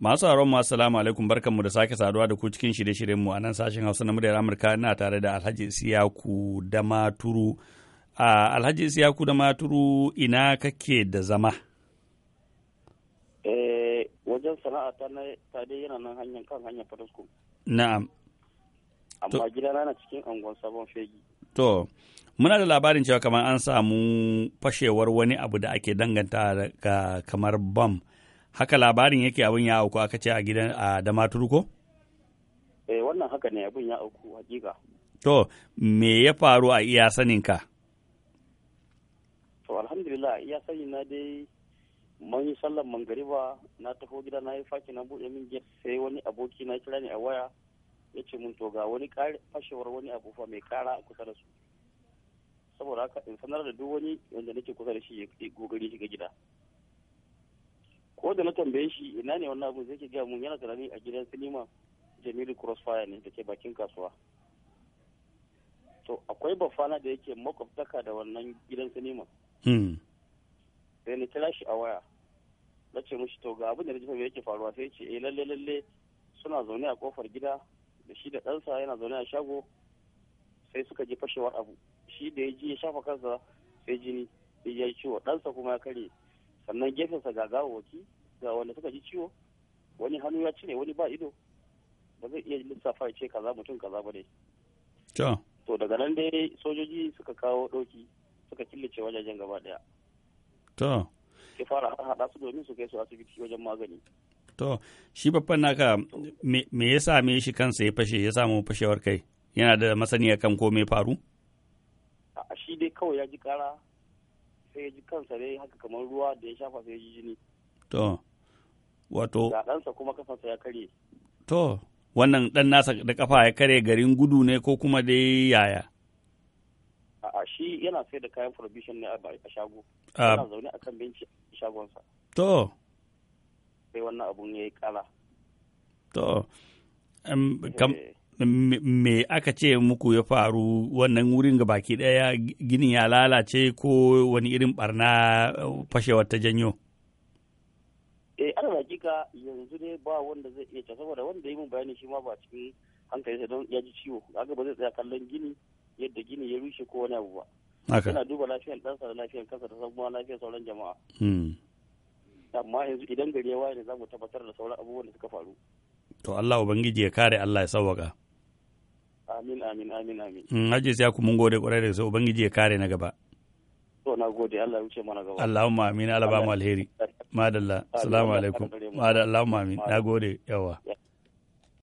Masu haron masu salamu alaikum barkanmu da sake saduwa da ku cikin shirye-shiryenmu a nan sashen Hausa na muryar Amurka ina tare da Alhaji Isiyaku da Maturu. Alhaji Isiyaku da Maturu ina kake da zama? Eh, wajen sana'a ta dai yana nan hanyar kan hanyar Fataskun. Na'am. Amma gidana na cikin angon sabon fegi. To, muna da labarin cewa kamar an samu fashewar wani abu da ake danganta ga kamar bam. Haka labarin yake abin ya auku aka ce a gidan a Damaturu ko? Eh wannan haka ne abin ya auku hakika. To, me ya faru a iya saninka? To, alhamdulillah iya sanin na dai man yi sallan mangariba na taho gida na yi faki na buɗe min gate sai wani aboki na kira ni a waya ya ce mun to ga wani fashewar wani abu fa mai kara a kusa da su saboda haka in sanar da duk wani wanda nake kusa da shi ya gogari shiga gida ko da na tambaye shi ina ne wannan abu zai ke gaya mun yana tunani a gidan sinima jamilu crossfire ne da ke bakin kasuwa to akwai bafana da yake makwabtaka da wannan gidan sinima hmm. sai na kira shi a waya na ce mushi to ga abin da na jifa yake faruwa sai ce eh lalle lalle suna zaune a kofar gida da shi da ɗansa yana zaune a shago sai suka ji fashewar abu shi da ya ji ya shafa kansa sai jini sai ya yi ciwo ɗansa kuma ya karye sannan gefensa ga gawawaki ga wanda suka ji ciwo wani hannu ya cire wani ba ido ba zai iya lissafa ya ce kaza mutum kaza ba dai. To daga nan dai sojoji suka kawo ɗauki suka killace wajajen gaba ɗaya. To. Ke fara haɗa su domin su kai su asibiti wajen magani. To, shi babban naka me ya same shi kansa ya fashe ya samu fashewar kai? Yana da masaniya kan ko me faru? A shi dai kawai ya ji kara sai ya ji kansa dai haka kamar ruwa da ya shafa sai ya ji jini. To, wato. ɗansa kuma kafansa ya karye. To, wannan ɗan nasa da kafa ya karye garin gudu ne ko kuma dai yaya? A'a shi yana sai da kayan provision ne a shago. Ah. Yana zaune a kan benci shagonsa. To, sai wannan abun ya yi kala to eh. me aka ce muku ya faru wannan wurin ga baki daya ginin ya lalace ko wani irin barna eh, fashewar ta janyo eh ana hakika yanzu ne ba wanda zai iya ta saboda wanda yi mun bayani shi ma ba cikin hankali sai don ya ji ciwo aka ba zai tsaya kallon gini yadda gini ya rushe ko wani abu ba yana duba lafiyar ɗansa da lafiyar kansa da sauran lafiyar sauran jama'a hmm. amma yanzu idan gari ya waye ne za mu tabbatar da sauran abubuwan da suka faru to Allah ubangiji ya kare Allah ya sauwaka amin amin amin amin mm haji sai ku mun gode kwarai da sai ubangiji ya kare na gaba to na gode Allah ya wuce mana gaba Allahumma amin Allah ba mu alheri madalla assalamu alaikum madalla Allahumma amin Na gode yawa